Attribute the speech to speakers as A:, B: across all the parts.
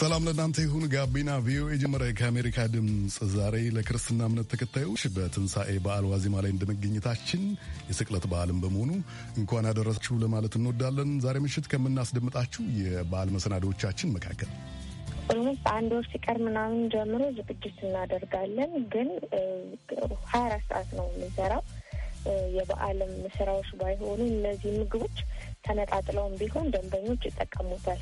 A: ሰላም ለእናንተ ይሁን። ጋቢና ቪኦኤ ጀመረ። ከአሜሪካ ድምፅ ዛሬ ለክርስትና እምነት ተከታዮች በትንሣኤ በዓል ዋዜማ ላይ እንደመገኘታችን የስቅለት በዓልን በመሆኑ እንኳን አደረሳችሁ ለማለት እንወዳለን። ዛሬ ምሽት ከምናስደምጣችሁ የበዓል መሰናዶዎቻችን መካከል
B: ኦልሞስት አንድ ወር ሲቀር ምናምን ጀምሮ ዝግጅት እናደርጋለን። ግን ሀያ አራት ሰዓት ነው የምንሰራው። የበዓልም ስራዎች ባይሆኑ እነዚህ ምግቦች ተነጣጥለውም ቢሆን ደንበኞች ይጠቀሙታል።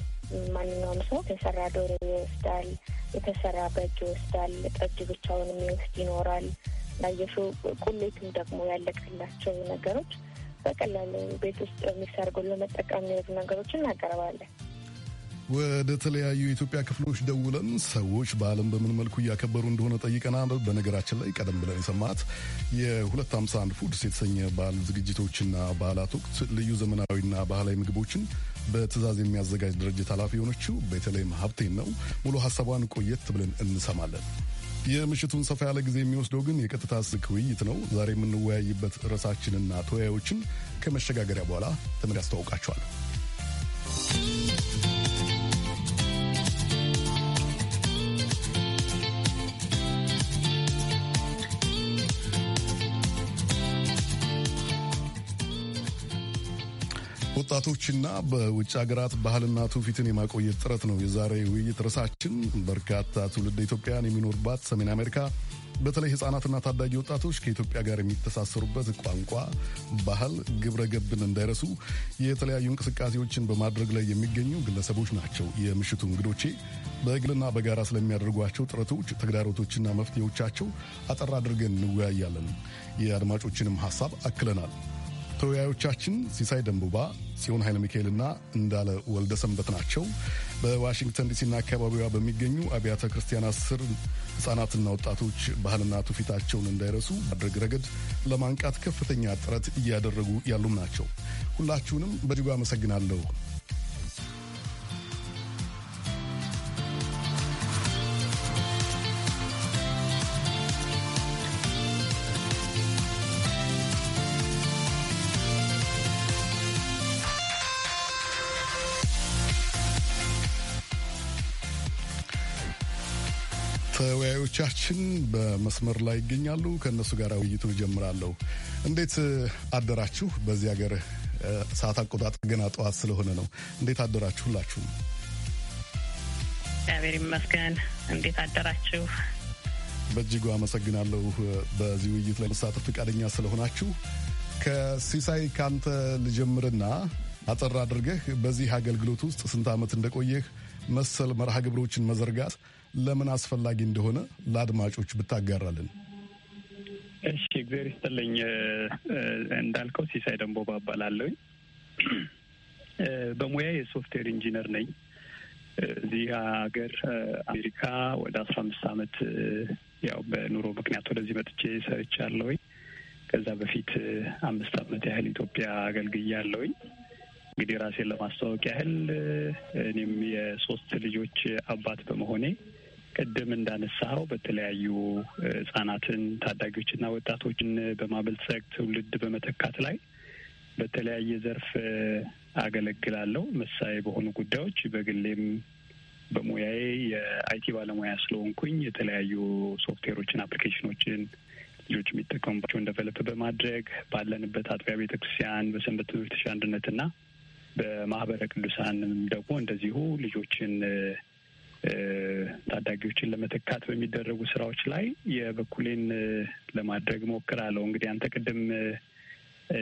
B: ማንኛውም ሰው የተሰራ ዶሮ ይወስዳል፣ የተሰራ በእጅ ይወስዳል፣ ጠጅ ብቻውን የሚወስድ ይኖራል። ላየሹ ቁሌትም ደግሞ ያለቀላቸው ነገሮች በቀላሉ ቤት ውስጥ የሚሰርጉ ለመጠቀም የሚሄዱ ነገሮች እናቀርባለን።
A: ወደ ተለያዩ የኢትዮጵያ ክፍሎች ደውለን ሰዎች በዓለም በምን መልኩ እያከበሩ እንደሆነ ጠይቀናል። በነገራችን ላይ ቀደም ብለን የሰማት የ251 ፉድስ የተሰኘ በዓል ዝግጅቶችና በዓላት ወቅት ልዩ ዘመናዊና ባህላዊ ምግቦችን በትዕዛዝ የሚያዘጋጅ ድርጅት ኃላፊ የሆነችው በተለይም ሀብቴን ነው። ሙሉ ሀሳቧን ቆየት ብለን እንሰማለን። የምሽቱን ሰፋ ያለ ጊዜ የሚወስደው ግን የቀጥታ ስልክ ውይይት ነው። ዛሬ የምንወያይበት ርዕሳችንና ተወያዮችን ከመሸጋገሪያ በኋላ ተመድ ያስተዋውቃቸዋል። በወጣቶችና በውጭ ሀገራት ባህልና ትውፊትን የማቆየት ጥረት ነው የዛሬ ውይይት ርዕሳችን። በርካታ ትውልድ ኢትዮጵያውያን የሚኖርባት ሰሜን አሜሪካ በተለይ ሕጻናትና ታዳጊ ወጣቶች ከኢትዮጵያ ጋር የሚተሳሰሩበት ቋንቋ፣ ባህል፣ ግብረ ገብን እንዳይረሱ የተለያዩ እንቅስቃሴዎችን በማድረግ ላይ የሚገኙ ግለሰቦች ናቸው የምሽቱ እንግዶቼ። በግልና በጋራ ስለሚያደርጓቸው ጥረቶች፣ ተግዳሮቶችና መፍትሄዎቻቸው አጠር አድርገን እንወያያለን። የአድማጮችንም ሀሳብ አክለናል። ተወያዮቻችን ሲሳይ ደንቡባ፣ ሲሆን ኃይለ ሚካኤልና እንዳለ ወልደ ሰንበት ናቸው። በዋሽንግተን ዲሲና አካባቢዋ በሚገኙ አብያተ ክርስቲያናት ስር ሕጻናትና ወጣቶች ባህልና ትውፊታቸውን እንዳይረሱ ማድረግ ረገድ ለማንቃት ከፍተኛ ጥረት እያደረጉ ያሉም ናቸው። ሁላችሁንም በእጅጉ አመሰግናለሁ። እንግዶቻችን በመስመር ላይ ይገኛሉ። ከእነሱ ጋር ውይይቱ ጀምራለሁ። እንዴት አደራችሁ? በዚህ ሀገር ሰዓት አቆጣጠር ገና ጠዋት ስለሆነ ነው። እንዴት አደራችሁ? ሁላችሁ
C: እግዚአብሔር ይመስገን። እንዴት አደራችሁ?
A: በእጅጉ አመሰግናለሁ በዚህ ውይይት ላይ መሳተፍ ፈቃደኛ ስለሆናችሁ። ከሲሳይ ካንተ ልጀምርና አጠር አድርገህ በዚህ አገልግሎት ውስጥ ስንት ዓመት እንደቆየህ መሰል መርሃ ግብሮችን መዘርጋት ለምን አስፈላጊ እንደሆነ ለአድማጮች ብታጋራልን።
D: እሺ፣ እግዚአብሔር ይስጥልኝ። እንዳልከው ሲሳይ ደንቦ እባላለሁኝ። በሙያ የሶፍትዌር ኢንጂነር ነኝ። እዚህ ሀገር አሜሪካ ወደ አስራ አምስት አመት ያው በኑሮ ምክንያት ወደዚህ መጥቼ ሰርቻለሁኝ። ከዛ በፊት አምስት አመት ያህል ኢትዮጵያ አገልግያለሁኝ። እንግዲህ ራሴን ለማስተዋወቅ ያህል እኔም የሶስት ልጆች አባት በመሆኔ ቅድም እንዳነሳኸው በተለያዩ ህጻናትን ታዳጊዎችና ወጣቶችን በማበልጸግ ትውልድ በመተካት ላይ በተለያየ ዘርፍ አገለግላለሁ። መሳይ በሆኑ ጉዳዮች በግሌም በሙያዬ የአይቲ ባለሙያ ስለሆንኩኝ የተለያዩ ሶፍትዌሮችን፣ አፕሊኬሽኖችን ልጆች የሚጠቀሙባቸው ደቨሎፕ በማድረግ ባለንበት አጥቢያ ቤተ ክርስቲያን በሰንበት ትምህርት አንድነትና በማህበረ ቅዱሳንም ደግሞ እንደዚሁ ልጆችን ታዳጊዎችን ለመተካት በሚደረጉ ስራዎች ላይ የበኩሌን ለማድረግ ሞክራለሁ። እንግዲህ አንተ ቅድም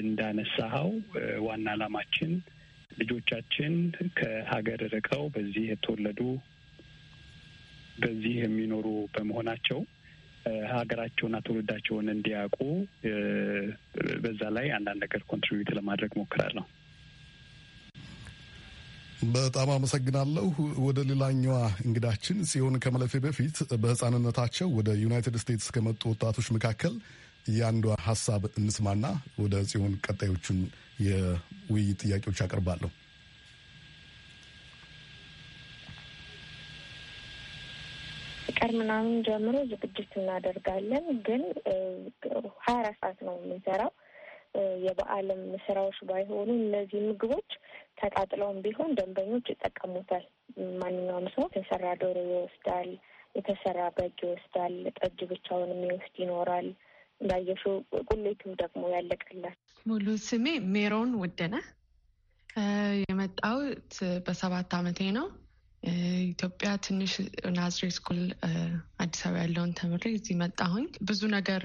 D: እንዳነሳኸው ዋና ዓላማችን ልጆቻችን ከሀገር ርቀው በዚህ የተወለዱ በዚህ የሚኖሩ በመሆናቸው ሀገራቸውና ትውልዳቸውን እንዲያውቁ በዛ ላይ አንዳንድ ነገር ኮንትሪቢዩት ለማድረግ ሞክራለሁ።
A: በጣም አመሰግናለሁ። ወደ ሌላኛዋ እንግዳችን ሲሆን ከመለፌ በፊት በህፃንነታቸው ወደ ዩናይትድ ስቴትስ ከመጡ ወጣቶች መካከል የአንዷ ሀሳብ እንስማና ወደ ጽዮን ቀጣዮቹን የውይይት ጥያቄዎች አቀርባለሁ።
B: ቀር ምናምን ጀምሮ ዝግጅት እናደርጋለን፣ ግን ሀያ አራት ሰዓት ነው የምንሰራው የበዓልም ስራዎች ባይሆኑ እነዚህ ምግቦች ተቃጥለውም ቢሆን ደንበኞች ይጠቀሙታል። ማንኛውም ሰው የተሰራ ዶሮ ይወስዳል፣ የተሰራ በግ ይወስዳል፣ ጠጅ ብቻውን የሚወስድ ይኖራል። እንዳየሹ ቁሌቱም ደግሞ ያለቀላል።
E: ሙሉ ስሜ ሜሮን ውድነህ የመጣሁት በሰባት አመቴ ነው። ኢትዮጵያ ትንሽ ናዝሬት ስኩል አዲስ አበባ ያለውን ተምሬ እዚህ መጣሁኝ። ብዙ ነገር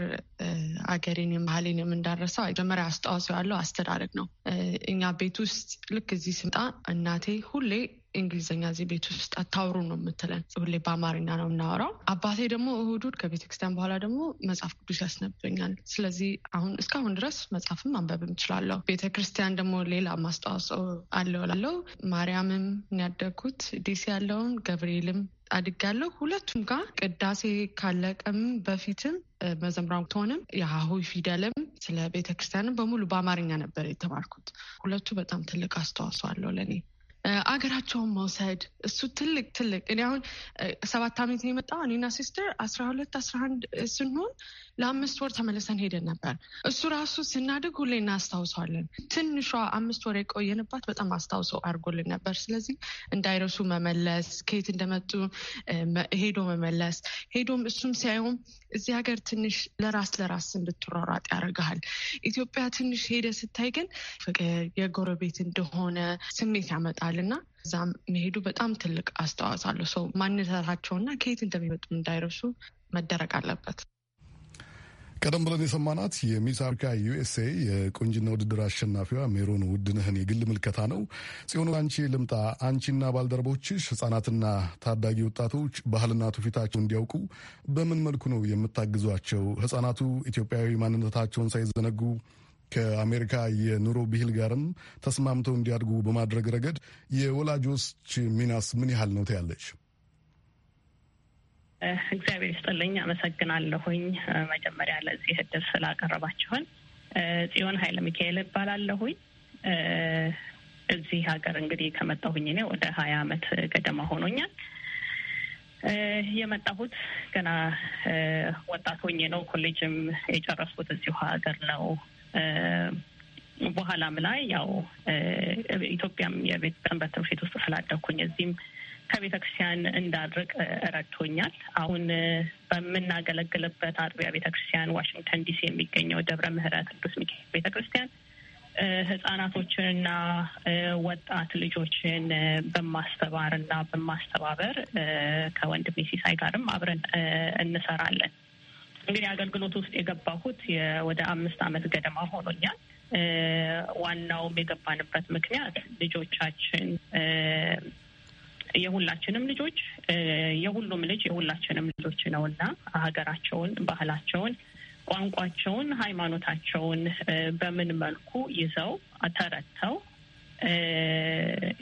E: አገሬንም ባህሌንም እንዳረሳው መጀመሪያ አስተዋጽኦ ያለው አስተዳደግ ነው። እኛ ቤት ውስጥ ልክ እዚህ ስምጣ እናቴ ሁሌ እንግሊዝኛ እዚህ ቤት ውስጥ አታውሩ ነው የምትለን። ሁሌ በአማርኛ ነው የምናወራው። አባቴ ደግሞ እሁዱድ ከቤተክርስቲያን በኋላ ደግሞ መጽሐፍ ቅዱስ ያስነብኛል። ስለዚህ አሁን እስካሁን ድረስ መጽሐፍም አንበብም እችላለሁ። ቤተክርስቲያን ደግሞ ሌላ ማስተዋጽኦ አለው ላለው ማርያምም ያደግኩት ዲሲ ያለውን ገብርኤልም አድጋለሁ። ሁለቱም ጋር ቅዳሴ ካለቀም በፊትም መዘምራን ትሆንም የሀሁ ፊደልም ስለ ቤተክርስቲያንም በሙሉ በአማርኛ ነበር የተማርኩት። ሁለቱ በጣም ትልቅ አስተዋጽኦ አለው ለእኔ። አገራቸውን መውሰድ እሱ ትልቅ ትልቅ እኔ አሁን ሰባት ዓመት ነው የመጣው። እኔና ሲስተር አስራ ሁለት አስራ አንድ ስንሆን ለአምስት ወር ተመልሰን ሄደን ነበር። እሱ ራሱ ስናድግ ሁሌ እናስታውሰዋለን። ትንሿ አምስት ወር የቆየንባት በጣም አስታውሶ አድርጎልን ነበር። ስለዚህ እንዳይረሱ መመለስ፣ ከየት እንደመጡ ሄዶ መመለስ፣ ሄዶም እሱም ሲያየውም እዚህ ሀገር ትንሽ ለራስ ለራስ እንድትሯሯጥ ያደርግሃል። ኢትዮጵያ ትንሽ ሄደ ስታይ ግን ፍቅር የጎረቤት እንደሆነ ስሜት ያመጣል። ይችላል እና እዛም መሄዱ በጣም ትልቅ አስተዋጽኦ አለው። ሰው ማንነታቸውና ከየት እንደሚመጡ እንዳይረሱ መደረግ አለበት።
A: ቀደም ብለን የሰማናት የሚስ አፍሪካ ዩኤስኤ የቁንጅና ውድድር አሸናፊዋ ሜሮን ውድነህን የግል ምልከታ ነው። ጽዮኑ አንቺ ልምጣ። አንቺና ባልደረቦችሽ ህጻናትና ታዳጊ ወጣቶች ባህልና ትውፊታቸው እንዲያውቁ በምን መልኩ ነው የምታግዟቸው? ህጻናቱ ኢትዮጵያዊ ማንነታቸውን ሳይዘነጉ ከአሜሪካ የኑሮ ብሂል ጋርም ተስማምተው እንዲያድጉ በማድረግ ረገድ የወላጆች ሚናስ ምን ያህል ነው ትያለች?
C: እግዚአብሔር ይስጥልኝ። አመሰግናለሁኝ መጀመሪያ ለዚህ እድል ስላቀረባችሁን። ጽዮን ኃይለ ሚካኤል እባላለሁኝ። እዚህ ሀገር እንግዲህ ከመጣሁኝ እኔ ወደ ሀያ አመት ገደማ ሆኖኛል። የመጣሁት ገና ወጣት ሆኜ ነው። ኮሌጅም የጨረስኩት እዚሁ ሀገር ነው። በኋላም ላይ ያው ኢትዮጵያም የቤት ሰንበት ትምህርት ቤት ውስጥ ስላደኩኝ እዚህም ከቤተ ክርስቲያን እንዳድርቅ ረድቶኛል። አሁን በምናገለግልበት አጥቢያ ቤተ ክርስቲያን ዋሽንግተን ዲሲ የሚገኘው ደብረ ምሕረት ቅዱስ ሚካኤል ቤተ ክርስቲያን ህጻናቶችንና ወጣት ልጆችን በማስተባር እና በማስተባበር ከወንድሜ ሲሳይ ጋርም አብረን እንሰራለን። እንግዲህ አገልግሎት ውስጥ የገባሁት ወደ አምስት አመት ገደማ ሆኖኛል። ዋናውም የገባንበት ምክንያት ልጆቻችን የሁላችንም ልጆች የሁሉም ልጅ የሁላችንም ልጆች ነው እና ሀገራቸውን፣ ባህላቸውን፣ ቋንቋቸውን፣ ሃይማኖታቸውን በምን መልኩ ይዘው ተረድተው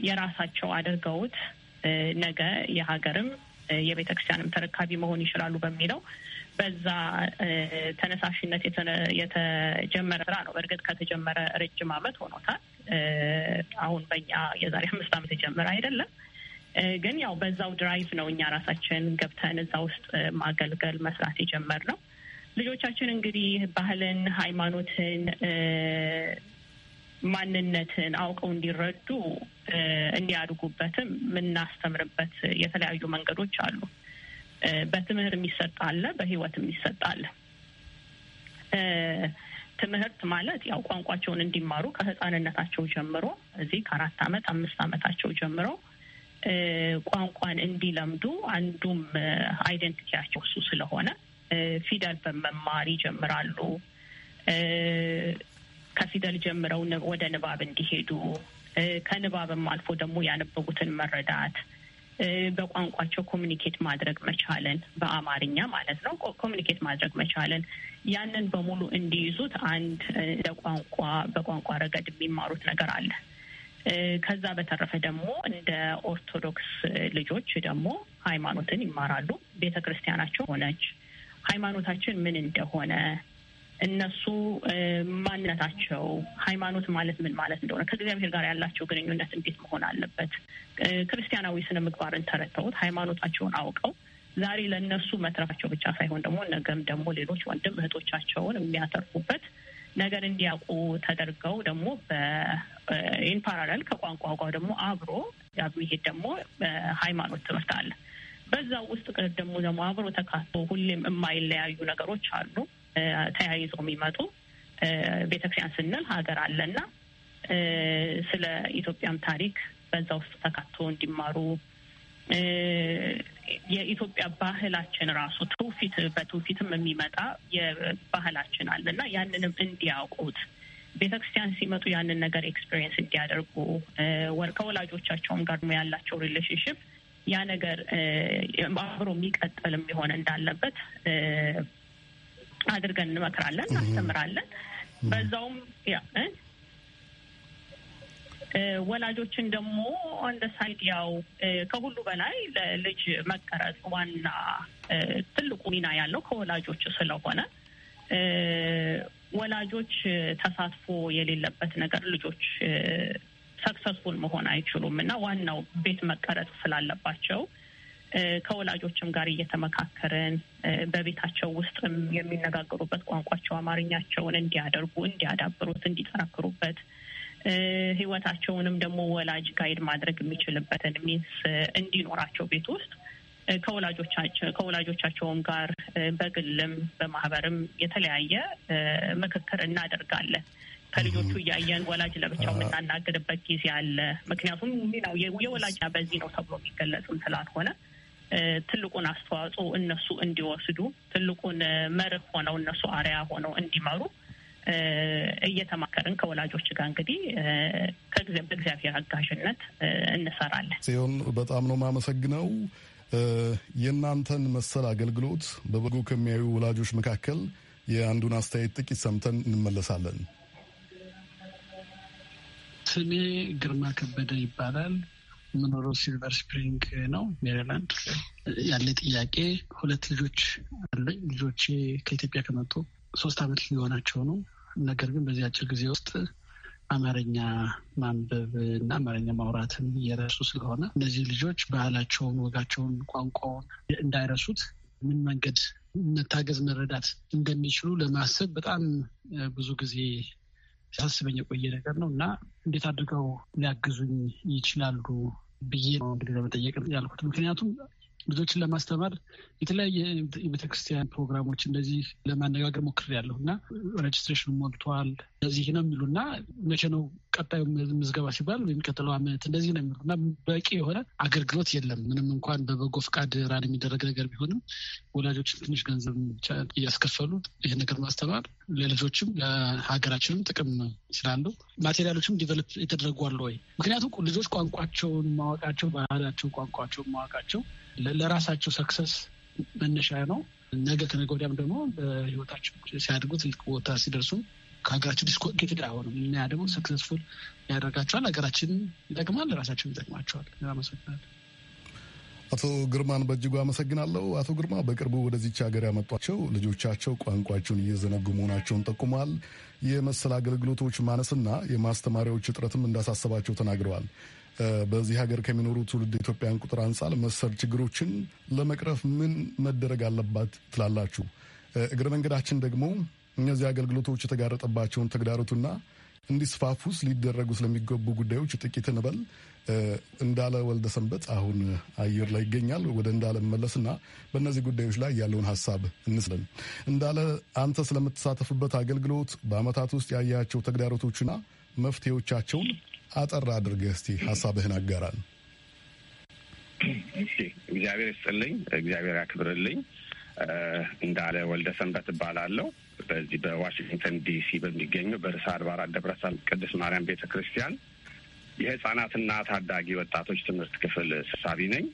C: የራሳቸው አድርገውት ነገ የሀገርም የቤተክርስቲያንም ተረካቢ መሆን ይችላሉ በሚለው በዛ ተነሳሽነት የተጀመረ ስራ ነው። በእርግጥ ከተጀመረ ረጅም ዓመት ሆኖታል። አሁን በኛ የዛሬ አምስት ዓመት የጀመረ አይደለም። ግን ያው በዛው ድራይቭ ነው እኛ ራሳችን ገብተን እዛ ውስጥ ማገልገል መስራት የጀመር ነው። ልጆቻችን እንግዲህ ባህልን፣ ሃይማኖትን፣ ማንነትን አውቀው እንዲረዱ እንዲያድጉበትም የምናስተምርበት የተለያዩ መንገዶች አሉ። በትምህርት የሚሰጥ አለ፣ በህይወት የሚሰጥ አለ። ትምህርት ማለት ያው ቋንቋቸውን እንዲማሩ ከህፃንነታቸው ጀምሮ እዚህ ከአራት አመት አምስት አመታቸው ጀምሮ ቋንቋን እንዲለምዱ አንዱም አይደንቲቲያቸው እሱ ስለሆነ ፊደል በመማር ይጀምራሉ። ከፊደል ጀምረው ወደ ንባብ እንዲሄዱ ከንባብም አልፎ ደግሞ ያነበቡትን መረዳት በቋንቋቸው ኮሚኒኬት ማድረግ መቻለን፣ በአማርኛ ማለት ነው። ኮሚኒኬት ማድረግ መቻለን ያንን በሙሉ እንዲይዙት አንድ እንደ ቋንቋ በቋንቋ ረገድ የሚማሩት ነገር አለ። ከዛ በተረፈ ደግሞ እንደ ኦርቶዶክስ ልጆች ደግሞ ሃይማኖትን ይማራሉ። ቤተ ክርስቲያናቸው ሆነች ሃይማኖታችን ምን እንደሆነ እነሱ ማንነታቸው ሃይማኖት ማለት ምን ማለት እንደሆነ ከእግዚአብሔር ጋር ያላቸው ግንኙነት እንዴት መሆን አለበት፣ ክርስቲያናዊ ስነ ምግባርን ተረተውት ሃይማኖታቸውን አውቀው ዛሬ ለእነሱ መትረፋቸው ብቻ ሳይሆን ደግሞ ነገም ደግሞ ሌሎች ወንድም እህቶቻቸውን የሚያተርፉበት ነገር እንዲያውቁ ተደርገው ደግሞ በኢን ከቋንቋ ጋር ደግሞ አብሮ የሚሄድ ደግሞ ሃይማኖት ትምህርት አለ። በዛ ውስጥ ደግሞ ደግሞ አብሮ ተካቶ ሁሌም የማይለያዩ ነገሮች አሉ። ተያይዞ የሚመጡ ቤተክርስቲያን ስንል ሀገር አለና ስለ ኢትዮጵያም ታሪክ በዛ ውስጥ ተካቶ እንዲማሩ የኢትዮጵያ ባህላችን ራሱ ትውፊት በትውፊትም የሚመጣ የባህላችን አለ ያንንም እንዲያውቁት ቤተክርስቲያን ሲመጡ ያንን ነገር ኤክስፒሪየንስ እንዲያደርጉ ከወላጆቻቸውም ጋር ያላቸው ሪሌሽንሽፕ ያ ነገር አብሮ የሚቀጥልም የሆነ እንዳለበት አድርገን እንመክራለን፣ እናስተምራለን። በዛውም ወላጆችን ደግሞ እንደ ሳይድ ያው ከሁሉ በላይ ለልጅ መቀረጽ ዋና ትልቁ ሚና ያለው ከወላጆች ስለሆነ ወላጆች ተሳትፎ የሌለበት ነገር ልጆች ሰክሰስፉል መሆን አይችሉም እና ዋናው ቤት መቀረጽ ስላለባቸው ከወላጆችም ጋር እየተመካከርን በቤታቸው ውስጥም የሚነጋገሩበት ቋንቋቸው አማርኛቸውን እንዲያደርጉ፣ እንዲያዳብሩት፣ እንዲጠረክሩበት ህይወታቸውንም ደግሞ ወላጅ ጋይድ ማድረግ የሚችልበትን ሚንስ እንዲኖራቸው ቤት ውስጥ ከወላጆቻቸውም ጋር በግልም በማህበርም የተለያየ ምክክር እናደርጋለን። ከልጆቹ እያየን ወላጅ ለብቻው የምናናግርበት ጊዜ አለ። ምክንያቱም ነው የወላጅ በዚህ ነው ተብሎ የሚገለጽም ስላልሆነ ትልቁን አስተዋጽኦ እነሱ እንዲወስዱ ትልቁን መርህ ሆነው እነሱ አርያ ሆነው እንዲመሩ እየተማከርን ከወላጆች ጋር እንግዲህ በእግዚአብሔር አጋዥነት እንሰራለን።
A: ጽዮን በጣም ነው የማመሰግነው። የእናንተን መሰል አገልግሎት በበጎ ከሚያዩ ወላጆች መካከል የአንዱን አስተያየት ጥቂት ሰምተን እንመለሳለን።
F: ስሜ ግርማ ከበደ ይባላል። የምኖረው ሲልቨር ስፕሪንግ ነው ሜሪላንድ። ያለ ጥያቄ ሁለት ልጆች አለኝ። ልጆቼ ከኢትዮጵያ ከመጡ ሶስት ዓመት ሊሆናቸው ነው። ነገር ግን በዚህ አጭር ጊዜ ውስጥ አማርኛ ማንበብ እና አማርኛ ማውራትን እየረሱ ስለሆነ እነዚህ ልጆች ባህላቸውን፣ ወጋቸውን፣ ቋንቋውን እንዳይረሱት ምን መንገድ መታገዝ፣ መረዳት እንደሚችሉ ለማሰብ በጣም ብዙ ጊዜ ሲያስበኝ የቆየ ነገር ነው እና እንዴት አድርገው ሊያግዙኝ ይችላሉ ብዬ ነው እንግዲህ ለመጠየቅ ያልኩት ምክንያቱም ልጆችን ለማስተማር የተለያየ የቤተክርስቲያን ፕሮግራሞች እንደዚህ ለማነጋገር ሞክሬያለሁ እና ሬጅስትሬሽን ሞልቷል እንደዚህ ነው የሚሉ እና መቼ ነው ቀጣዩ ምዝገባ ሲባል የሚቀጥለው ዓመት እንደዚህ ነው የሚሉ እና በቂ የሆነ አገልግሎት የለም። ምንም እንኳን በበጎ ፈቃድ ራን የሚደረግ ነገር ቢሆንም ወላጆችን ትንሽ ገንዘብ ብቻ እያስከፈሉ ይህን ነገር ማስተማር ለልጆችም ለሀገራችንም ጥቅም ስላለው ማቴሪያሎችም ዲቨሎፕ የተደረጉ ወይ? ምክንያቱም ልጆች ቋንቋቸውን ማወቃቸው ባህላቸው ቋንቋቸውን ማወቃቸው ለራሳቸው ሰክሰስ መነሻ ነው። ነገ ከነገ ወዲያም ደግሞ በህይወታቸው ሲያድጉ ትልቅ ቦታ ሲደርሱም ከሀገራችን ዲስኮንኬትድ አይሆንም እና ያ ደግሞ ሰክሰስፉል ያደርጋቸዋል። ሀገራችንን ይጠቅማል፣ ለራሳቸው ይጠቅማቸዋል። አመሰግናለሁ።
A: አቶ ግርማን በእጅጉ አመሰግናለሁ። አቶ ግርማ በቅርቡ ወደዚች ሀገር ያመጧቸው ልጆቻቸው ቋንቋቸውን እየዘነጉ መሆናቸውን ጠቁመዋል። የመሰል አገልግሎቶች ማነስና የማስተማሪያዎች እጥረትም እንዳሳሰባቸው ተናግረዋል። በዚህ ሀገር ከሚኖሩ ትውልድ ኢትዮጵያን ቁጥር አንጻር መሰል ችግሮችን ለመቅረፍ ምን መደረግ አለባት ትላላችሁ? እግረ መንገዳችን ደግሞ እነዚህ አገልግሎቶች የተጋረጠባቸውን ተግዳሮቱና እንዲስፋፉስ ሊደረጉ ስለሚገቡ ጉዳዮች ጥቂት እንበል። እንዳለ ወልደ ሰንበት አሁን አየር ላይ ይገኛል። ወደ እንዳለ መለስና በእነዚህ ጉዳዮች ላይ ያለውን ሀሳብ እንስለን። እንዳለ አንተ ስለምትሳተፍበት አገልግሎት በአመታት ውስጥ ያያቸው ተግዳሮቶችና መፍትሄዎቻቸውን አጠር አድርገህ እስቲ ሀሳብህን አጋራል።
G: እግዚአብሔር ይስጥልኝ፣ እግዚአብሔር ያክብርልኝ። እንዳለ ወልደ ሰንበት እባላለሁ። በዚህ በዋሽንግተን ዲሲ በሚገኘው በርዕሰ አድባራት ደብረ ቅድስት ማርያም ቤተ ክርስቲያን የህጻናትና ታዳጊ ወጣቶች ትምህርት ክፍል ሰብሳቢ ነኝ።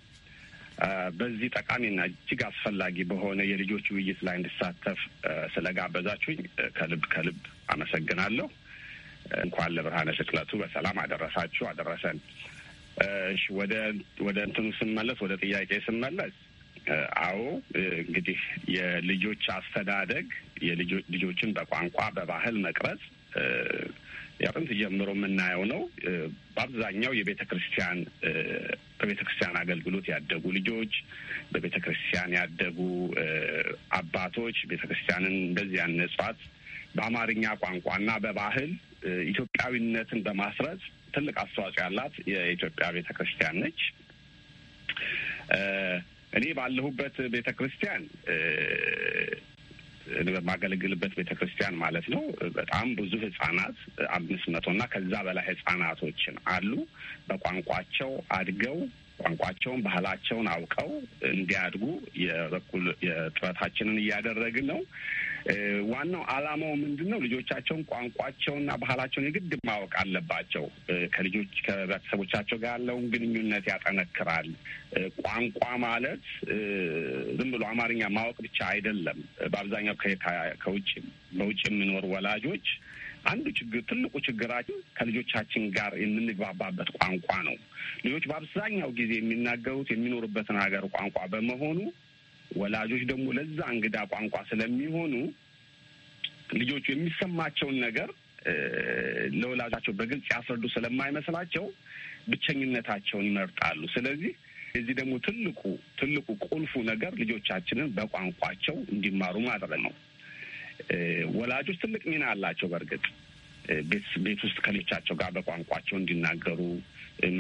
G: በዚህ ጠቃሚና እጅግ አስፈላጊ በሆነ የልጆች ውይይት ላይ እንድሳተፍ ስለጋበዛችሁኝ ከልብ ከልብ አመሰግናለሁ። እንኳን ለብርሃነ ስቅለቱ በሰላም አደረሳችሁ አደረሰን። እሺ ወደ ወደ እንትኑ ስመለስ ወደ ጥያቄ ስመለስ፣ አዎ እንግዲህ የልጆች አስተዳደግ ልጆችን በቋንቋ በባህል መቅረጽ ያጥንት ጀምሮ የምናየው ነው። በአብዛኛው የቤተ ክርስቲያን በቤተ ክርስቲያን አገልግሎት ያደጉ ልጆች፣ በቤተ ክርስቲያን ያደጉ አባቶች ቤተ ክርስቲያንን እንደዚህ ያነጿት በአማርኛ ቋንቋ እና በባህል ኢትዮጵያዊነትን በማስረጽ ትልቅ አስተዋጽኦ ያላት የኢትዮጵያ ቤተ ክርስቲያን ነች። እኔ ባለሁበት ቤተ ክርስቲያን በማገለግልበት ቤተ ክርስቲያን ማለት ነው። በጣም ብዙ ህጻናት አምስት መቶ እና ከዛ በላይ ህጻናቶችን አሉ በቋንቋቸው አድገው ቋንቋቸውን ባህላቸውን አውቀው እንዲያድጉ የበኩል የጥረታችንን እያደረግን ነው። ዋናው አላማው ምንድን ነው? ልጆቻቸውን ቋንቋቸውና ባህላቸውን የግድ ማወቅ አለባቸው። ከልጆች ከቤተሰቦቻቸው ጋር ያለውን ግንኙነት ያጠነክራል። ቋንቋ ማለት ዝም ብሎ አማርኛ ማወቅ ብቻ አይደለም። በአብዛኛው ከውጭ በውጭ የምኖር ወላጆች አንዱ ችግር ትልቁ ችግራችን ከልጆቻችን ጋር የምንግባባበት ቋንቋ ነው። ልጆች በአብዛኛው ጊዜ የሚናገሩት የሚኖሩበትን ሀገር ቋንቋ በመሆኑ ወላጆች ደግሞ ለዛ እንግዳ ቋንቋ ስለሚሆኑ ልጆቹ የሚሰማቸውን ነገር ለወላጃቸው በግልጽ ያስረዱ ስለማይመስላቸው ብቸኝነታቸውን ይመርጣሉ። ስለዚህ እዚህ ደግሞ ትልቁ ትልቁ ቁልፉ ነገር ልጆቻችንን በቋንቋቸው እንዲማሩ ማድረግ ነው። ወላጆች ትልቅ ሚና አላቸው። በእርግጥ ቤት ውስጥ ከልጆቻቸው ጋር በቋንቋቸው እንዲናገሩ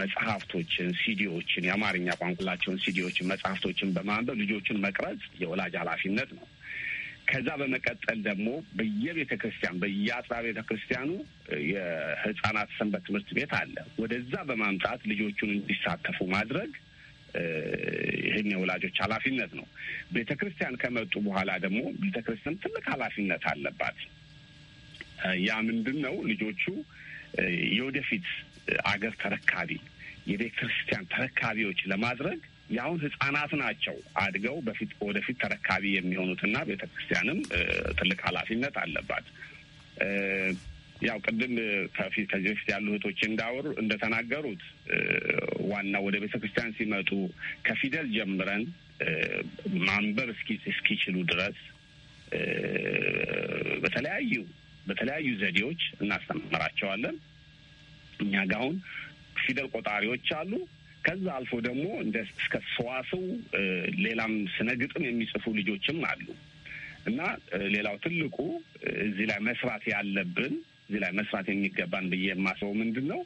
G: መጽሐፍቶችን፣ ሲዲዎችን የአማርኛ ቋንቋቸውን ሲዲዎችን፣ መጽሐፍቶችን በማንበብ ልጆቹን መቅረጽ የወላጅ ኃላፊነት ነው። ከዛ በመቀጠል ደግሞ በየቤተ ክርስቲያን በየአጥቢያ ቤተ ክርስቲያኑ የህጻናት ሰንበት ትምህርት ቤት አለ። ወደዛ በማምጣት ልጆቹን እንዲሳተፉ ማድረግ ይህን የወላጆች ኃላፊነት ነው። ቤተ ክርስቲያን ከመጡ በኋላ ደግሞ ቤተ ክርስቲያን ትልቅ ኃላፊነት አለባት። ያ ምንድን ነው? ልጆቹ የወደፊት አገር ተረካቢ የቤተ ክርስቲያን ተረካቢዎች ለማድረግ የአሁን ህጻናት ናቸው አድገው በፊት ወደፊት ተረካቢ የሚሆኑትና ቤተ ክርስቲያንም ትልቅ ኃላፊነት አለባት። ያው ቅድም ከዚህ በፊት ያሉ እህቶች እንዳወሩ እንደተናገሩት ዋና ወደ ቤተ ክርስቲያን ሲመጡ ከፊደል ጀምረን ማንበብ እስኪ እስኪችሉ ድረስ በተለያዩ በተለያዩ ዘዴዎች እናስተምራቸዋለን። እኛ ጋ አሁን ፊደል ቆጣሪዎች አሉ። ከዛ አልፎ ደግሞ እንደ እስከ ሰዋስው ሌላም ስነ ግጥም የሚጽፉ ልጆችም አሉ እና ሌላው ትልቁ እዚህ ላይ መስራት ያለብን እዚህ ላይ መስራት የሚገባን ብዬ የማስበው ምንድን ነው፣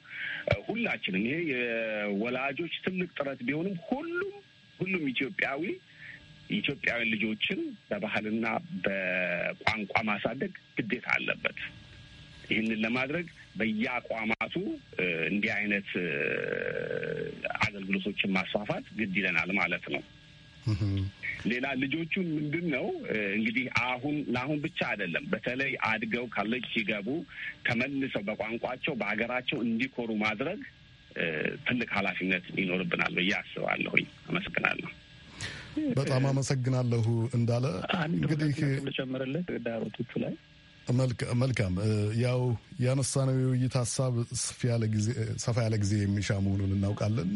G: ሁላችንም ይሄ የወላጆች ትልቅ ጥረት ቢሆንም ሁሉም ሁሉም ኢትዮጵያዊ ኢትዮጵያውያን ልጆችን በባህልና በቋንቋ ማሳደግ ግዴታ አለበት። ይህንን ለማድረግ በየአቋማቱ እንዲህ አይነት አገልግሎቶችን ማስፋፋት ግድ ይለናል ማለት ነው። ሌላ ልጆቹን ምንድን ነው እንግዲህ አሁን ለአሁን ብቻ አይደለም፣ በተለይ አድገው ካለች ሲገቡ ተመልሰው በቋንቋቸው በሀገራቸው እንዲኮሩ ማድረግ ትልቅ ኃላፊነት ይኖርብናል ብዬ አስባለሁኝ። አመሰግናለሁ።
A: በጣም አመሰግናለሁ እንዳለ እንግዲህ
D: ዳሮቶቹ ላይ
A: መልካም ያው ያነሳነው የውይይት ሀሳብ ሰፋ ያለ ጊዜ የሚሻ መሆኑን እናውቃለን።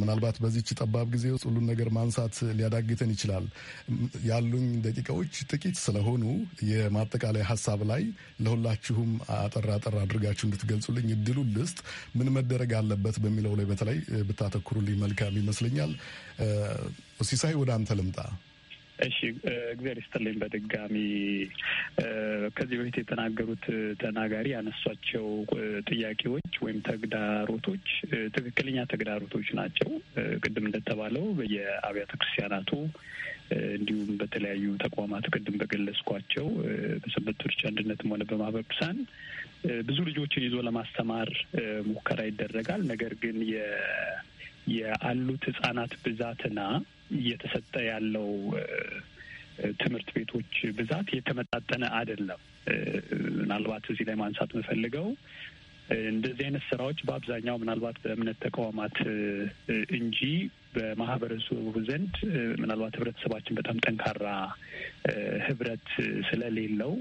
A: ምናልባት በዚች ጠባብ ጊዜ ውስጥ ሁሉን ነገር ማንሳት ሊያዳግተን ይችላል። ያሉኝ ደቂቃዎች ጥቂት ስለሆኑ የማጠቃለያ ሀሳብ ላይ ለሁላችሁም አጠር አጠር አድርጋችሁ እንድትገልጹልኝ እድሉን ልስጥ። ምን መደረግ አለበት በሚለው ላይ በተለይ ብታተኩሩልኝ መልካም ይመስለኛል። ሲሳይ ወደ አንተ ልምጣ።
D: እሺ እግዚአብሔር ይስጥልኝ። በድጋሚ ከዚህ በፊት የተናገሩት ተናጋሪ ያነሷቸው ጥያቄዎች ወይም ተግዳሮቶች ትክክለኛ ተግዳሮቶች ናቸው። ቅድም እንደተባለው በየአብያተ ክርስቲያናቱ እንዲሁም በተለያዩ ተቋማት ቅድም በገለጽኳቸው በሰንበቶች አንድነትም ሆነ በማህበረ ቅዱሳን ብዙ ልጆችን ይዞ ለማስተማር ሙከራ ይደረጋል። ነገር ግን የአሉት ህጻናት ብዛትና እየተሰጠ ያለው ትምህርት ቤቶች ብዛት የተመጣጠነ አይደለም። ምናልባት እዚህ ላይ ማንሳት የምፈልገው እንደዚህ አይነት ስራዎች በአብዛኛው ምናልባት በእምነት ተቋማት እንጂ በማህበረሰቡ ዘንድ ምናልባት ህብረተሰባችን በጣም ጠንካራ ህብረት ስለሌለው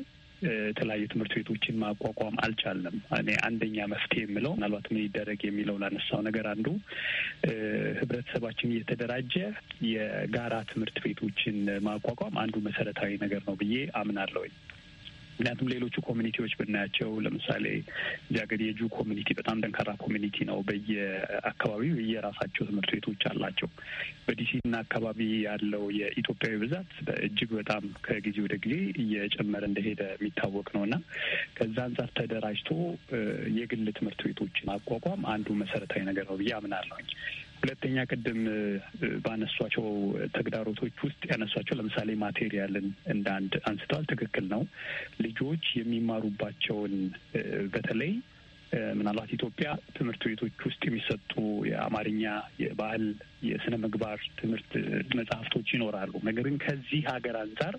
D: የተለያዩ ትምህርት ቤቶችን ማቋቋም አልቻለም። እኔ አንደኛ መፍትሄ የምለው ምናልባት ምን ይደረግ የሚለው ላነሳው ነገር አንዱ ህብረተሰባችን እየተደራጀ የጋራ ትምህርት ቤቶችን ማቋቋም አንዱ መሰረታዊ ነገር ነው ብዬ አምናለሁኝ። ምክንያቱም ሌሎቹ ኮሚኒቲዎች ብናያቸው ለምሳሌ ጃገድ የጁ ኮሚኒቲ በጣም ጠንካራ ኮሚኒቲ ነው። በየአካባቢው የየራሳቸው ትምህርት ቤቶች አላቸው። በዲሲና አካባቢ ያለው የኢትዮጵያዊ ብዛት እጅግ በጣም ከጊዜ ወደ ጊዜ እየጨመረ እንደሄደ የሚታወቅ ነው እና ከዛ አንጻር ተደራጅቶ የግል ትምህርት ቤቶችን ማቋቋም አንዱ መሰረታዊ ነገር ነው ብዬ አምናለሁኝ። ሁለተኛ ቅድም ባነሷቸው ተግዳሮቶች ውስጥ ያነሷቸው ለምሳሌ ማቴሪያልን እንደ አንድ አንስተዋል። ትክክል ነው። ልጆች የሚማሩባቸውን በተለይ ምናልባት ኢትዮጵያ ትምህርት ቤቶች ውስጥ የሚሰጡ የአማርኛ፣ የባህል፣ የስነ ምግባር ትምህርት መጽሐፍቶች ይኖራሉ። ነገር ግን ከዚህ ሀገር አንጻር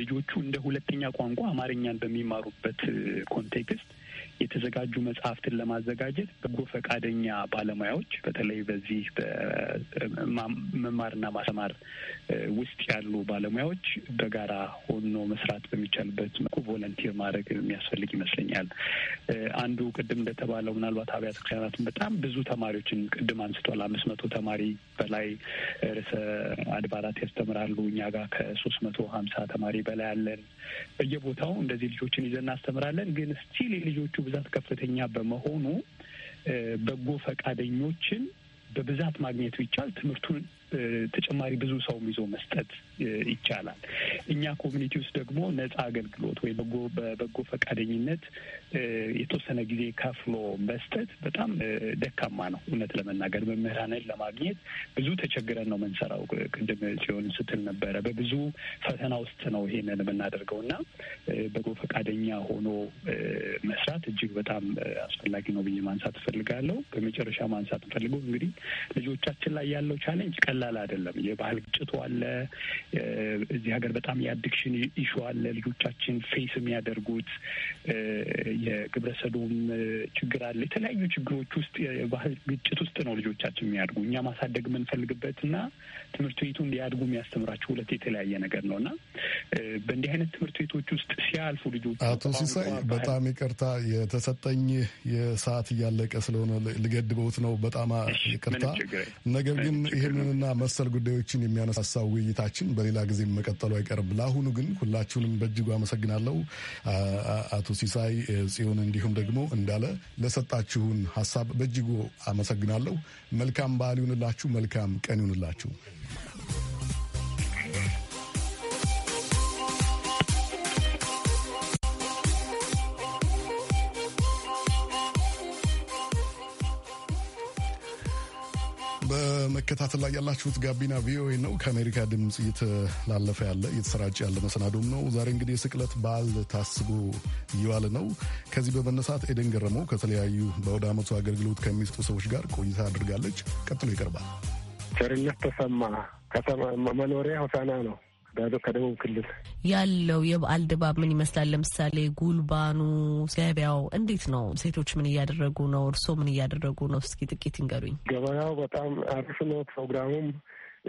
D: ልጆቹ እንደ ሁለተኛ ቋንቋ አማርኛን በሚማሩበት ኮንቴክስት የተዘጋጁ መጽሐፍትን ለማዘጋጀት በጎ ፈቃደኛ ባለሙያዎች በተለይ በዚህ መማርና ማስተማር ውስጥ ያሉ ባለሙያዎች በጋራ ሆኖ መስራት በሚቻልበት መልኩ ቮለንቲር ማድረግ የሚያስፈልግ ይመስለኛል። አንዱ ቅድም እንደተባለው ምናልባት አብያተ ክርስቲያናትን በጣም ብዙ ተማሪዎችን ቅድም አንስቷል። አምስት መቶ ተማሪ በላይ ርዕሰ አድባራት ያስተምራሉ። እኛ ጋር ከሶስት መቶ ሀምሳ ተማሪ በላይ አለን። በየቦታው እንደዚህ ልጆችን ይዘን እናስተምራለን። ግን ስቲል የልጆቹ ብዛት ከፍተኛ በመሆኑ በጎ ፈቃደኞችን በብዛት ማግኘት ቢቻል ትምህርቱን ተጨማሪ ብዙ ሰው ይዞ መስጠት ይቻላል። እኛ ኮሚኒቲ ውስጥ ደግሞ ነጻ አገልግሎት ወይ በጎ በበጎ ፈቃደኝነት የተወሰነ ጊዜ ከፍሎ መስጠት በጣም ደካማ ነው። እውነት ለመናገር መምህራንን ለማግኘት ብዙ ተቸግረን ነው መንሰራው። ቅድም ሲሆን ስትል ነበረ በብዙ ፈተና ውስጥ ነው ይሄንን የምናደርገው እና በጎ ፈቃደኛ ሆኖ መስራት እጅግ በጣም አስፈላጊ ነው ብዬ ማንሳት እፈልጋለሁ። በመጨረሻ ማንሳት እንፈልገው እንግዲህ ልጆቻችን ላይ ያለው ቻሌንጅ ቀላል አይደለም። የባህል ግጭቱ አለ። እዚህ ሀገር በጣም የአዲክሽን ኢሹ አለ። ልጆቻችን ፌስ የሚያደርጉት የግብረ ችግር አለ። የተለያዩ ችግሮች ውስጥ የባህል ግጭት ውስጥ ነው ልጆቻችን የሚያድጉ። እኛ ማሳደግ የምንፈልግበት እና ትምህርት ቤቱ እንዲያድጉ የሚያስተምራቸው ሁለት የተለያየ ነገር ነው እና በእንዲህ አይነት ትምህርት ቤቶች ውስጥ ሲያልፉ ልጆች አቶ ሲሳይ በጣም
A: ይቅርታ የተሰጠኝ የሰዓት እያለቀ ስለሆነ ልገድበውት ነው። በጣም ይቅርታ። ነገር ግን ይህንንና መሰል ጉዳዮችን የሚያነሳሳው ውይይታችን በሌላ ጊዜ መቀጠሉ አይቀርም። ለአሁኑ ግን ሁላችሁንም በእጅጉ አመሰግናለሁ። አቶ ሲሳይ ጽዮን፣ እንዲሁም ደግሞ እንዳለ ለሰጣችሁን ሀሳብ በእጅጉ አመሰግናለሁ። መልካም በዓል ይሁንላችሁ። መልካም ቀን ይሁንላችሁ። በመከታተል ላይ ያላችሁት ጋቢና ቪኦኤ ነው። ከአሜሪካ ድምፅ እየተላለፈ ያለ እየተሰራጨ ያለ መሰናዶም ነው። ዛሬ እንግዲህ የስቅለት በዓል ታስቦ እየዋለ ነው። ከዚህ በመነሳት ኤደን ገረመው ከተለያዩ በወደ ዓመቱ
H: አገልግሎት
I: ከሚሰጡ ሰዎች ጋር ቆይታ አድርጋለች። ቀጥሎ ይቀርባል።
H: ቸርነት ተሰማ መኖሪያ ሆሳና ነው። ከደቡብ ክልል
I: ያለው የበዓል ድባብ ምን ይመስላል? ለምሳሌ ጉልባኑ፣ ገበያው እንዴት ነው? ሴቶች ምን እያደረጉ ነው? እርስዎ ምን እያደረጉ ነው? እስኪ ጥቂት ይንገሩኝ።
H: ገበያው በጣም አሪፍ ነው። ፕሮግራሙም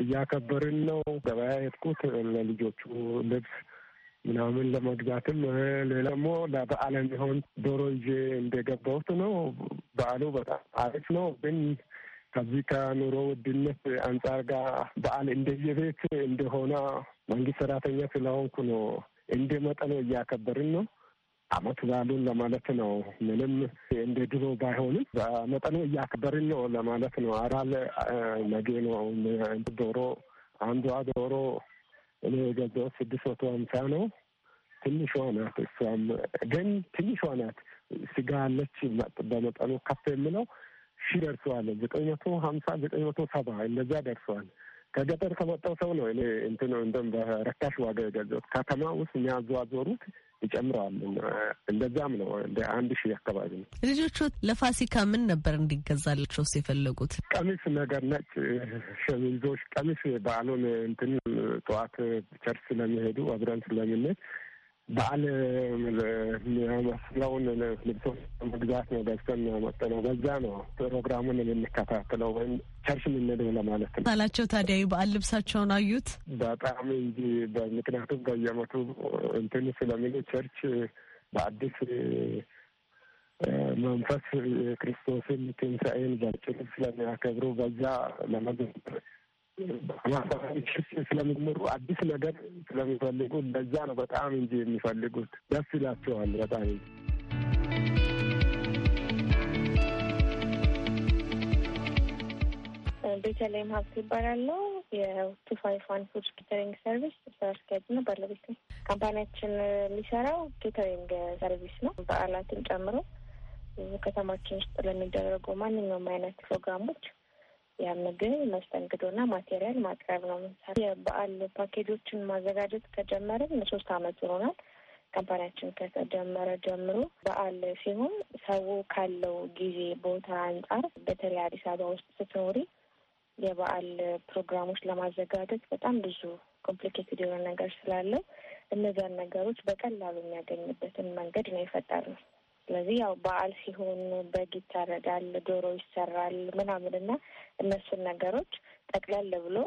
H: እያከበርን ነው። ገበያ የሄድኩት ለልጆቹ ልብስ ምናምን ለመግዛትም ሌላሞ ለበዓል የሚሆን ዶሮ ይዤ እንደገባሁት ነው። በዓሉ በጣም አሪፍ ነው ግን ከዚህ ከኑሮ ውድነት አንጻር ጋር በዓል እንደየቤት እንደሆነ መንግስት ሰራተኛ ስለሆንኩ ነው እንደ መጠኑ እያከበርን ነው። አመት በዓሉን ለማለት ነው። ምንም እንደ ድሮ ባይሆንም በመጠኑ እያከበርን ነው ለማለት ነው። አራል ነገ ነው። ዶሮ አንዷ ዶሮ እኔ የገዛሁት ስድስት መቶ ሀምሳ ነው። ትንሿ ናት። እሷም ግን ትንሿ ናት። ስጋ አለች በመጠኑ ከፍ የምለው ሺህ ደርሰዋል። ዘጠኝ መቶ ሀምሳ ዘጠኝ መቶ ሰባ እንደዛ ደርሰዋል። ከገጠር ከመጣው ሰው ነው እኔ እንትን እንደም በረካሽ ዋጋ የገዛሁት። ከተማ ውስጥ የሚያዘዋዘሩት ይጨምረዋል። እንደዚያም ነው እንደ አንድ ሺህ አካባቢ ነው።
I: ልጆቹ ለፋሲካ ምን ነበር እንዲገዛላቸው ውስጥ የፈለጉት?
H: ቀሚስ ነገር፣ ነጭ ሸሚዞች፣ ቀሚስ በዓሉን እንትን ጠዋት ቸርች ስለሚሄዱ አብረን ስለምንሄድ በዓል የሚመስለውን ልብሶች መግዛት ነው ገዝተን መጠ በዛ ነው ፕሮግራሙን የምንከታተለው ወይም ቸርች የምንሄደው ለማለት ነው
I: አላቸው። ታዲያ በዓል ልብሳቸውን አዩት
H: በጣም እንጂ በምክንያቱም በየመቱ እንትን ስለሚሉ ቸርች በአዲስ መንፈስ ክርስቶስን ትንሣኤን በጭር ስለሚያከብሩ በዛ ለመግ ማህበራዊ ችግር ስለሚመሩ አዲስ ነገር ስለሚፈልጉ እንደዛ ነው በጣም እንጂ የሚፈልጉት ደስ ይላቸዋል በጣም
B: ቤተልሔም ሀብት ይባላለው የቱ ፋይቭ ዋን ፉድ ኬተሪንግ ሰርቪስ ስራ አስኪያጅ ነው ባለቤት ነው። ካምፓኒያችን የሚሰራው ኬተሪንግ ሰርቪስ ነው። በዓላትን ጨምሮ ከተማችን ውስጥ ለሚደረጉ ማንኛውም አይነት ፕሮግራሞች ምግብ መስተንግዶና ማቴሪያል ማቅረብ ነው ምሳሌ የበዓል ፓኬጆችን ማዘጋጀት ከጀመርን ሶስት አመት ይሆናል። ካምፓኒያችን ከተጀመረ ጀምሮ በዓል ሲሆን ሰው ካለው ጊዜ ቦታ አንጻር በተለይ አዲስ አበባ ውስጥ ስትኖሪ የበዓል ፕሮግራሞች ለማዘጋጀት በጣም ብዙ ኮምፕሊኬትድ የሆነ ነገር ስላለው እነዚያን ነገሮች በቀላሉ የሚያገኝበትን መንገድ ነው የፈጠርነው። ስለዚህ ያው በዓል ሲሆን በግ ይታረዳል፣ ዶሮ ይሰራል ምናምን እና እነሱን ነገሮች ጠቅለል ብሎ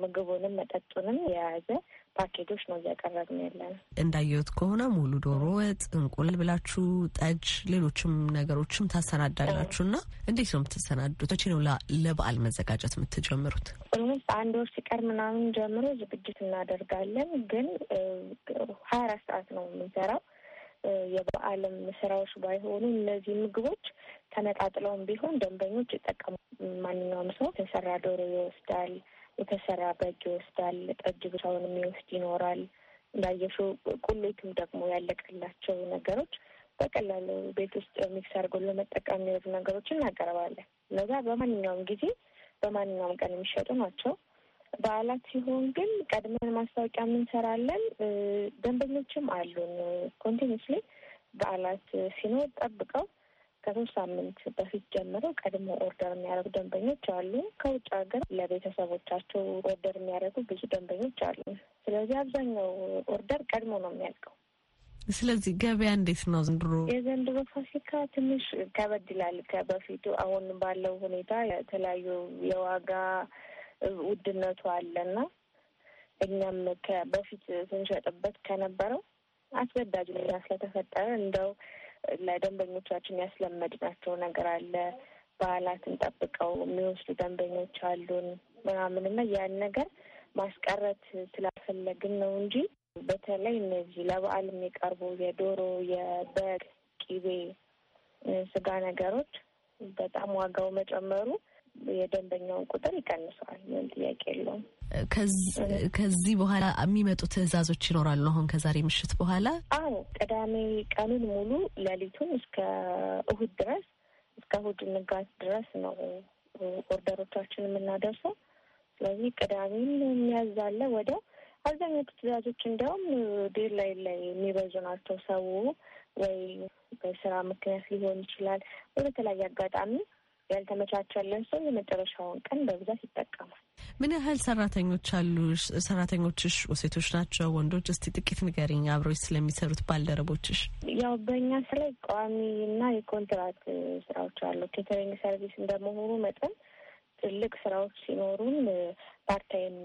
B: ምግቡንም መጠጡንም የያዘ ፓኬጆች ነው እያቀረብን ያለ ነው።
I: እንዳየሁት ከሆነ ሙሉ ዶሮ ወጥ፣ እንቁላል ብላችሁ፣ ጠጅ፣ ሌሎችም ነገሮችም ታሰናዳላችሁ እና እንዴት ነው የምትሰናዱት? መቼ ነው ለበዓል መዘጋጀት የምትጀምሩት?
B: ኦልሞስት አንድ ወር ሲቀር ምናምን ጀምሮ ዝግጅት እናደርጋለን። ግን ሀያ አራት ሰዓት ነው የምንሰራው የበዓልም ስራዎች ባይሆኑ እነዚህ ምግቦች ተነጣጥለውም ቢሆን ደንበኞች ይጠቀሙ። ማንኛውም ሰው የተሰራ ዶሮ ይወስዳል፣ የተሰራ በግ ይወስዳል፣ ጠጅ ብቻውን የሚወስድ ይኖራል። እንዳየሹ ቁሌትም ደግሞ ያለቀላቸው ነገሮች በቀላሉ ቤት ውስጥ ሚክስ አድርጎ ለመጠቀም የሚወዱ ነገሮችን እናቀርባለን። እነዛ በማንኛውም ጊዜ በማንኛውም ቀን የሚሸጡ ናቸው። በዓላት ሲሆን ግን ቀድመን ማስታወቂያ የምንሰራለን። ደንበኞችም አሉን ኮንቲኒስሊ በዓላት ሲኖር ጠብቀው ከሶስት ሳምንት በፊት ጀምሮ ቀድሞ ኦርደር የሚያደርጉ ደንበኞች አሉ። ከውጭ ሀገር ለቤተሰቦቻቸው ኦርደር የሚያደርጉ ብዙ ደንበኞች አሉ። ስለዚህ አብዛኛው ኦርደር ቀድሞ ነው የሚያልቀው።
I: ስለዚህ ገበያ እንዴት ነው ዘንድሮ?
B: የዘንድሮ ፋሲካ ትንሽ ከበድ ይላል ከበፊቱ። አሁን ባለው ሁኔታ የተለያዩ የዋጋ ውድነቱ አለና እኛም በፊት ስንሸጥበት ከነበረው አስገዳጅ ሁኔታ ስለተፈጠረ እንደው ለደንበኞቻችን ያስለመድናቸው ነገር አለ። ባህላትን ጠብቀው የሚወስዱ ደንበኞች አሉን ምናምን እና ያን ነገር ማስቀረት ስላፈለግን ነው እንጂ በተለይ እነዚህ ለበዓል የሚቀርቡ የዶሮ፣ የበግ፣ ቂቤ፣ ስጋ ነገሮች በጣም ዋጋው መጨመሩ የደንበኛውን ቁጥር ይቀንሰዋል። ምን ጥያቄ የለውም።
I: ከዚህ በኋላ የሚመጡ ትዕዛዞች ይኖራሉ። አሁን ከዛሬ ምሽት በኋላ
B: አዎ፣ ቅዳሜ ቀኑን ሙሉ ሌሊቱን እስከ እሁድ ድረስ እስከ እሁድ ንጋት ድረስ ነው ኦርደሮቻችን የምናደርሰው። ስለዚህ ቅዳሜም የሚያዛለ ወደ አብዛኞቹ ትዕዛዞች እንዲያውም ዴር ላይ ላይ የሚበዙ ናቸው። ሰው ወይ በስራ ምክንያት ሊሆን ይችላል ወይ በተለያየ አጋጣሚ ያልተመቻቸልን ሰው የመጨረሻውን ቀን በብዛት ይጠቀማል።
I: ምን ያህል ሰራተኞች አሉ? ሰራተኞችሽ ሴቶች ናቸው ወንዶች? እስቲ ጥቂት ንገሪኝ፣ አብሮች ስለሚሰሩት ባልደረቦችሽ።
B: ያው በእኛ ስራ ቋሚ እና የኮንትራት ስራዎች አሉ። ኬተሪንግ ሰርቪስ እንደመሆኑ መጠን ትልቅ ስራዎች ሲኖሩን ፓርታይም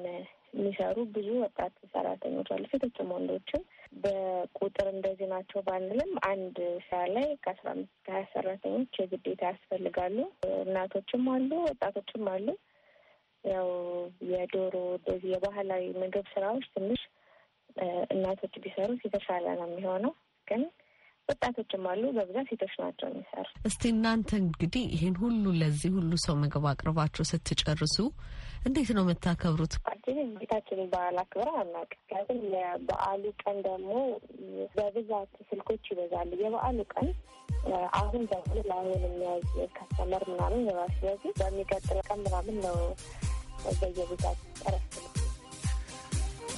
B: የሚሰሩ ብዙ ወጣት ሰራተኞች አሉ፣ ሴቶችም ወንዶችም። በቁጥር እንደዚህ ናቸው ባንልም አንድ ስራ ላይ ከአስራ አምስት ከሀያ ሰራተኞች የግዴታ ያስፈልጋሉ። እናቶችም አሉ፣ ወጣቶችም አሉ። ያው የዶሮ እንደዚህ የባህላዊ ምግብ ስራዎች ትንሽ እናቶች ቢሰሩት የተሻለ ነው የሚሆነው ግን ወጣቶችም አሉ። በብዛት ሴቶች ናቸው የሚሰሩ።
I: እስቲ እናንተ እንግዲህ ይህን ሁሉ ለዚህ ሁሉ ሰው ምግብ አቅርባቸው ስትጨርሱ እንዴት ነው የምታከብሩት?
B: ፓርቲን ቤታችንን በዓል አክብረ አናውቅ። ምክንያቱም የበዓሉ ቀን ደግሞ በብዛት ስልኮች ይበዛሉ። የበዓሉ ቀን አሁን ደግሞ ለአሁን የሚያዝ ከስተመር ምናምን ይበዛል። ስለዚህ በሚቀጥለው ቀን ምናምን ነው በየብዛት ረፍት ነው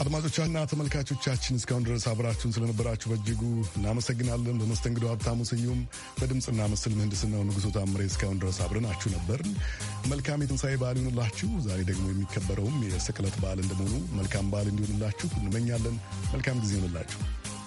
A: አድማጮቻና ተመልካቾቻችን እስካሁን ድረስ አብራችሁን ስለነበራችሁ በእጅጉ እናመሰግናለን። በመስተንግዶ ሀብታሙ ስዩም፣ በድምፅና ምስል ምህንድስናው ንጉሶ ታምሬ እስካሁን ድረስ አብረናችሁ ነበር። መልካም የትንሣኤ በዓል ይሁንላችሁ። ዛሬ ደግሞ የሚከበረውም የስቅለት በዓል እንደመሆኑ መልካም በዓል እንዲሆንላችሁ እንመኛለን። መልካም ጊዜ ይሆንላችሁ።